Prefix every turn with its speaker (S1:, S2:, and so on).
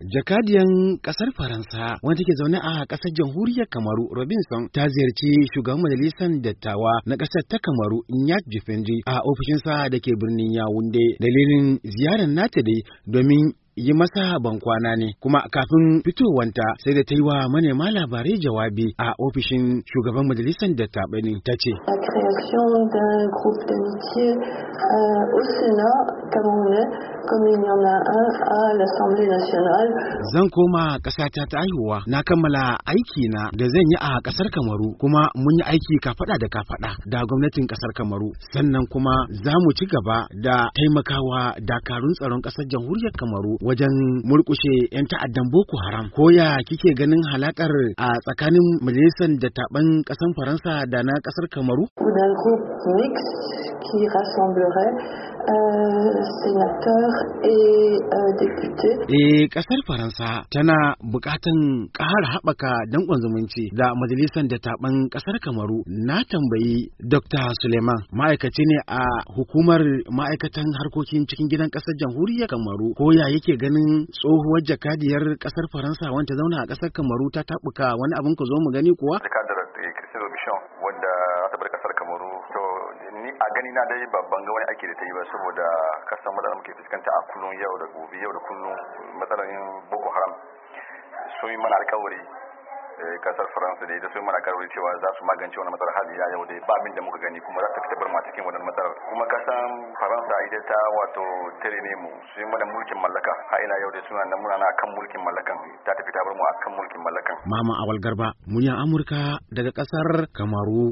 S1: Jakadiyan kasar Faransa wanda take zaune a kasar jamhuriyar Kamaru Robinson ta ziyarci shugaban majalisar dattawa na kasar ta Kamaru Nyat Jifendi a ofishinsa da ke birnin Yawunde. Dalilin ziyarar nata dai domin yi masa bankwana ne kuma kafin fitowanta sai da ta yi wa manema labarai jawabi a ofishin shugaban majalisar dattabai ta ce
S2: camerounais, comme il y en a un à l'Assemblée nationale.
S1: Zan koma ƙasata ta haihuwa na kammala aiki na da zan yi a ƙasar Kamaru kuma mun yi aiki kafaɗa da kafaɗa da gwamnatin ƙasar Kamaru sannan kuma za mu ci gaba da taimakawa dakarun tsaron ƙasar jamhuriyar Kamaru wajen murƙushe 'yan ta'addan Boko Haram. Koya kike ganin halakar a tsakanin majalisar da taɓan ƙasar Faransa da na ƙasar Kamaru?
S2: qui rassemblerait euh, sénateurs et euh, députés.
S1: Et kasar Faransa tana bukatan ƙara haɓaka danƙon zumunci da majalisar dattaban ƙasar Kamaru na tambayi Dr. Suleiman ma'aikaci ne a hukumar ma'aikatan harkokin cikin gidan ƙasar jamhuriyar Kamaru ko ya yake ganin tsohuwar jakadiyar ƙasar Faransa wanda zauna a ƙasar Kamaru ta taɓuka wani abin ku zo mu gani kuwa?
S3: Ciro Bishon wanda ta bar kasar Kamaru to ni a gani na dai babban gawai wani aiki da ta yi ba saboda kasan da muke fuskanta a kullun yau da gobe yau da kullun matsalolin Boko Haram sun yi mana alkawari eh, kasar faransa da sun mana karbi cewa za su magance wannan matsalar hali ya yau da ba abin da muka gani kuma za ta fita bar ma cikin wannan matsalar kuma kasan faransa ita ta wato tare mu su yi mana mulkin mallaka ha ina yau da suna
S2: muna na kan mulkin mallakan ta tafi ta bar mu akan mulkin mallakan
S1: mama awal garba munya amurka daga kasar kamaru